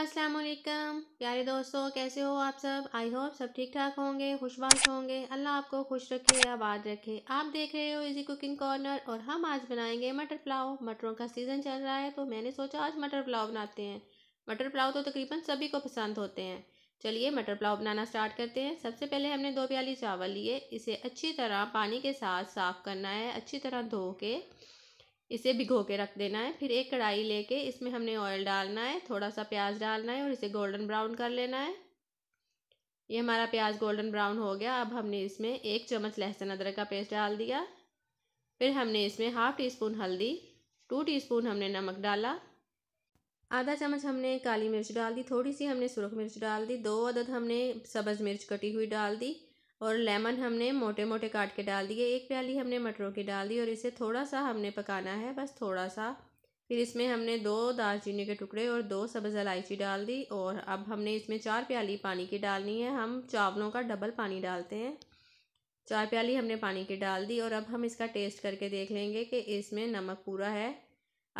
अस्सलाम वालेकुम प्यारे दोस्तों कैसे हो आप सब आई होप सब ठीक ठाक होंगे खुशबाश होंगे अल्लाह आपको खुश रखे आबाद रखे आप देख रहे हो इजी कुकिंग कॉर्नर और हम आज बनाएंगे मटर पुलाव मटरों का सीज़न चल रहा है तो मैंने सोचा आज मटर पुलाव बनाते हैं मटर पुलाव तो तकरीबन सभी को पसंद होते हैं चलिए मटर पुलाव बनाना स्टार्ट करते हैं सबसे पहले हमने दो प्याली चावल लिए इसे अच्छी तरह पानी के साथ साफ़ करना है अच्छी तरह धो के इसे भिगो के रख देना है फिर एक कढ़ाई लेके इसमें हमने ऑयल डालना है थोड़ा सा प्याज डालना है और इसे गोल्डन ब्राउन कर लेना है ये हमारा प्याज गोल्डन ब्राउन हो गया अब हमने इसमें एक चम्मच लहसुन अदरक का पेस्ट डाल दिया फिर हमने इसमें हाफ़ टी स्पून हल्दी टू टी स्पून हमने नमक डाला आधा चम्मच हमने काली मिर्च डाल दी थोड़ी सी हमने सुरख मिर्च डाल दी दो अदद हमने सब्ज़ मिर्च कटी हुई डाल दी और लेमन हमने मोटे मोटे काट के डाल दिए एक प्याली हमने मटरों की डाल दी और इसे थोड़ा सा हमने पकाना है बस थोड़ा सा फिर इसमें हमने दो दालचीनी के टुकड़े और दो सब्ज़ इलायची डाल दी और अब हमने इसमें चार प्याली पानी की डालनी है हम चावलों का डबल पानी डालते हैं चार प्याली हमने पानी की डाल दी और अब हम इसका टेस्ट करके देख लेंगे कि इसमें नमक पूरा है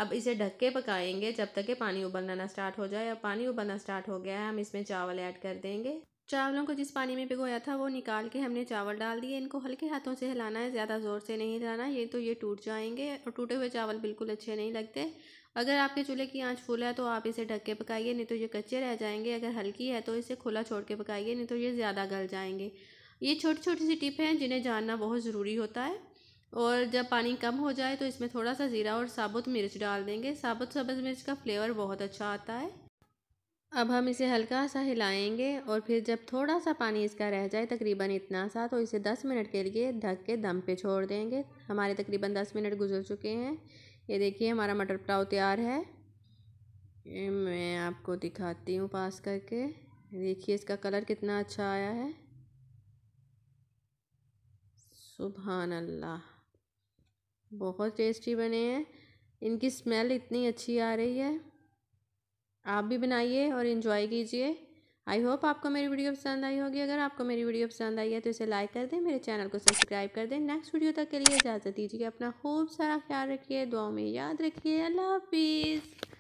अब इसे ढक के पकाएंगे जब तक कि पानी उबलना ना स्टार्ट हो जाए अब पानी उबलना स्टार्ट हो गया है हम इसमें चावल ऐड कर देंगे चावलों को जिस पानी में भिगोया था वो निकाल के हमने चावल डाल दिए इनको हल्के हाथों से हिलाना है ज़्यादा ज़ोर से नहीं हिलाना ये तो ये टूट जाएंगे और टूटे हुए चावल बिल्कुल अच्छे नहीं लगते अगर आपके चूल्हे की आंच फुल है तो आप इसे ढक के पकाइए नहीं तो ये कच्चे रह जाएंगे अगर हल्की है तो इसे खुला छोड़ के पकाइए नहीं तो ये ज़्यादा गल जाएंगे ये छोटी छोटी सी टिप हैं जिन्हें जानना बहुत ज़रूरी होता है और जब पानी कम हो जाए तो इसमें थोड़ा सा ज़ीरा और साबुत मिर्च डाल देंगे साबुत सब्ज़ मिर्च का फ्लेवर बहुत अच्छा आता है अब हम इसे हल्का सा हिलाएंगे और फिर जब थोड़ा सा पानी इसका रह जाए तकरीबन इतना सा तो इसे 10 मिनट के लिए ढक के दम पे छोड़ देंगे हमारे तकरीबन 10 मिनट गुजर चुके हैं ये देखिए हमारा मटर पुलाव तैयार है मैं आपको दिखाती हूँ पास करके देखिए इसका कलर कितना अच्छा आया है सुबहान अल्लाह बहुत टेस्टी बने हैं इनकी स्मेल इतनी अच्छी आ रही है आप भी बनाइए और इन्जॉय कीजिए आई होप आपको मेरी वीडियो पसंद आई होगी अगर आपको मेरी वीडियो पसंद आई है तो इसे लाइक कर दें मेरे चैनल को सब्सक्राइब कर दें नेक्स्ट वीडियो तक के लिए इजाज़त दीजिए अपना खूब सारा ख्याल रखिए दुआओं में याद रखिए अल्लाह हाफिज़